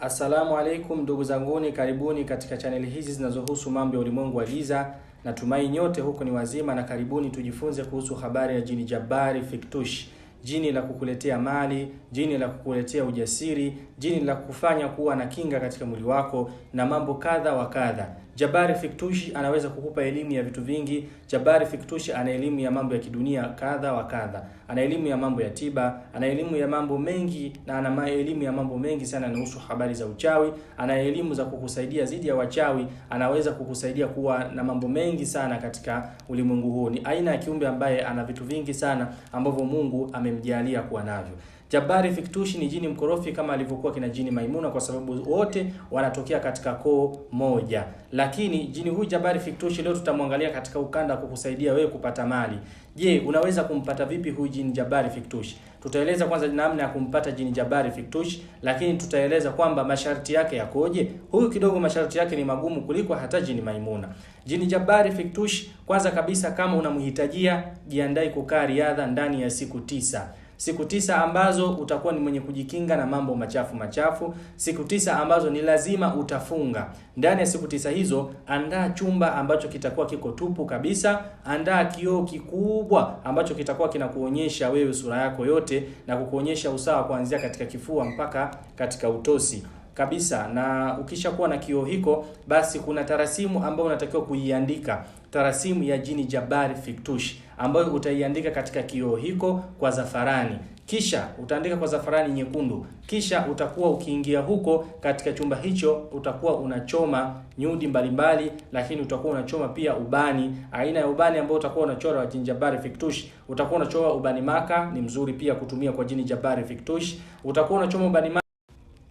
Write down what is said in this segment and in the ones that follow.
Assalamu alaikum ndugu zanguni, karibuni katika chaneli hizi zinazohusu mambo ya ulimwengu wa giza. Natumai nyote huko ni wazima na karibuni tujifunze kuhusu habari ya jini jabari Fiktush jini la kukuletea mali, jini la kukuletea ujasiri, jini la kufanya kuwa na kinga katika mwili wako na mambo kadha wa kadha. Jabari Fiktushi anaweza kukupa elimu ya vitu vingi. Jabari Fiktushi ana elimu ya mambo ya kidunia kadha wa kadha, ana elimu ya mambo ya tiba, ana elimu ya mambo mengi na ana elimu ya mambo mengi sana yanahusu habari za uchawi, ana elimu za kukusaidia dhidi ya wachawi, anaweza kukusaidia kuwa na mambo mengi sana katika ulimwengu huu. Ni aina ya kiumbe ambaye ana vitu vingi sana ambavyo Mungu ame amemjalia kuwa navyo. Jabari Fiktushi ni jini mkorofi kama alivyokuwa kina jini Maimuna, kwa sababu wote wanatokea katika koo moja. Lakini jini huyu Jabari Fiktushi leo tutamwangalia katika ukanda kukusaidia wewe kupata mali. Je, unaweza kumpata vipi huyu jini Jabari Fiktushi? Tutaeleza kwanza namna ya kumpata jini Jabari Fiktushi, lakini tutaeleza kwamba masharti yake yakoje. Huyu kidogo masharti yake ni magumu kuliko hata jini Maimuna. Jini Jabari Fiktushi, kwanza kabisa, kama unamhitajia, jiandai kukaa riadha ndani ya siku tisa siku tisa ambazo utakuwa ni mwenye kujikinga na mambo machafu machafu, siku tisa ambazo ni lazima utafunga. Ndani ya siku tisa hizo, andaa chumba ambacho kitakuwa kiko tupu kabisa, andaa kioo kikubwa ambacho kitakuwa kinakuonyesha wewe sura yako yote na kukuonyesha usawa kuanzia katika kifua mpaka katika utosi kabisa. Na ukishakuwa na kioo hiko, basi kuna tarasimu ambayo unatakiwa kuiandika, tarasimu ya jini Jabari Fiktush ambayo utaiandika katika kioo hiko kwa zafarani kisha utaandika kwa zafarani nyekundu, kisha utakuwa ukiingia huko katika chumba hicho, utakuwa unachoma nyudi mbalimbali mbali, lakini utakuwa unachoma pia ubani, aina ya ubani ambao utakuwa unachora wa jini Jabari Fiktush. Utakuwa unachoma ubani maka, ni mzuri pia kutumia kwa jini Jabari Fiktush. Utakuwa unachoma ubani maka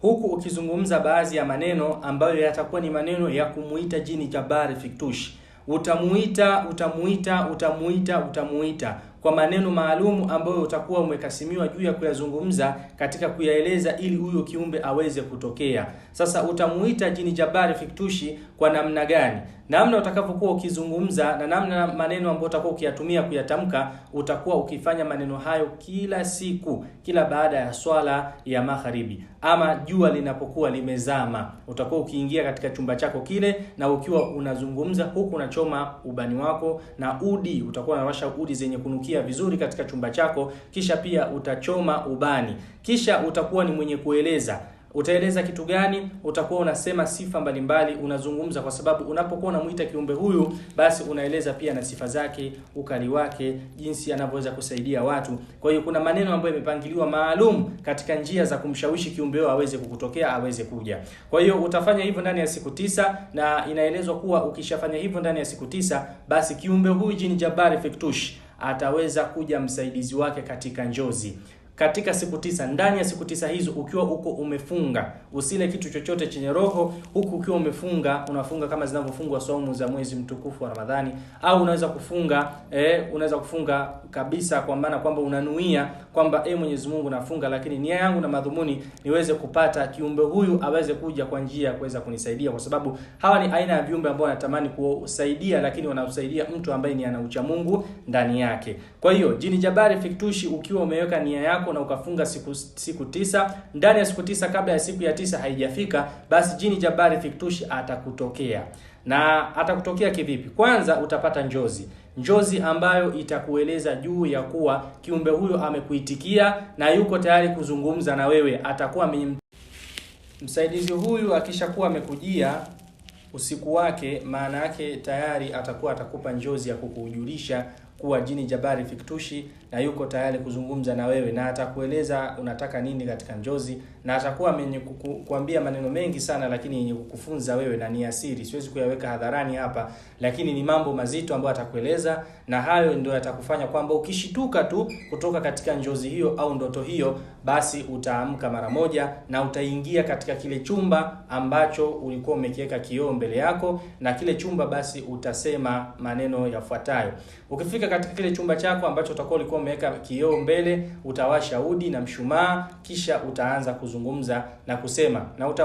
huku ukizungumza baadhi ya maneno ambayo yatakuwa ni maneno ya kumuita jini Jabari Fiktush. Utamuita, utamuita, utamuita, utamuita kwa maneno maalumu ambayo utakuwa umekasimiwa juu ya kuyazungumza katika kuyaeleza ili huyo kiumbe aweze kutokea. Sasa utamuita jini Jabari Fiktushi kwa namna gani? namna utakavyokuwa ukizungumza na namna maneno ambayo utakuwa ukiyatumia kuyatamka, utakuwa ukifanya maneno hayo kila siku, kila baada ya swala ya magharibi ama jua linapokuwa limezama, utakuwa ukiingia katika chumba chako kile na ukiwa unazungumza huku unachoma ubani wako na udi, utakuwa unawasha udi zenye kunukia vizuri katika chumba chako, kisha pia utachoma ubani, kisha utakuwa ni mwenye kueleza utaeleza kitu gani? Utakuwa unasema sifa mbalimbali, unazungumza kwa sababu unapokuwa unamwita kiumbe huyu, basi unaeleza pia na sifa zake, ukali wake, jinsi anavyoweza kusaidia watu. Kwa hiyo kuna maneno ambayo yamepangiliwa maalum katika njia za kumshawishi kiumbe huyo aweze kukutokea, aweze kuja. Kwa hiyo utafanya hivyo ndani ya siku tisa, na inaelezwa kuwa ukishafanya hivyo ndani ya siku tisa, basi kiumbe huyu jini Jabari Fiktush ataweza kuja msaidizi wake katika njozi katika siku tisa. Ndani ya siku tisa hizo ukiwa huko umefunga, usile kitu chochote chenye roho, huku ukiwa umefunga. Unafunga kama zinavyofungwa saumu za mwezi mtukufu wa Ramadhani, au unaweza kufunga eh, unaweza kufunga kabisa, kwa maana kwamba unanuia kwamba eh, Mwenyezi Mungu nafunga, lakini nia yangu na madhumuni niweze kupata kiumbe huyu aweze kuja kwa njia ya kuweza kunisaidia, kwa sababu hawa ni aina ya viumbe ambao wanatamani kusaidia, lakini wanausaidia mtu ambaye ni anaucha Mungu ndani yake. Kwa hiyo jini jabari fiktushi, ukiwa umeweka nia yako yako na ukafunga siku, siku tisa. Ndani ya siku tisa kabla ya siku ya tisa haijafika, basi jini jabari fiktushi atakutokea. Na atakutokea kivipi? Kwanza utapata njozi, njozi ambayo itakueleza juu ya kuwa kiumbe huyo amekuitikia na yuko tayari kuzungumza na wewe. Atakuwa mim... msaidizi huyu akishakuwa amekujia usiku wake, maana yake tayari atakuwa atakupa njozi ya kukujulisha kuwa Jini Jabari Fiktushi, na yuko tayari kuzungumza na wewe na atakueleza unataka nini katika njozi, na atakuwa mwenye kukuambia maneno mengi sana, lakini yenye kukufunza wewe, na ni asiri, siwezi kuyaweka hadharani hapa, lakini ni mambo mazito ambayo atakueleza, na hayo ndio yatakufanya kwamba ukishituka tu kutoka katika njozi hiyo au ndoto hiyo, basi utaamka mara moja na utaingia katika kile chumba ambacho ulikuwa umekiweka kioo mbele yako, na kile chumba basi utasema maneno yafuatayo ukifika katika kile chumba chako ambacho utakuwa ulikuwa umeweka kioo mbele, utawasha udi na mshumaa, kisha utaanza kuzungumza na kusema na uta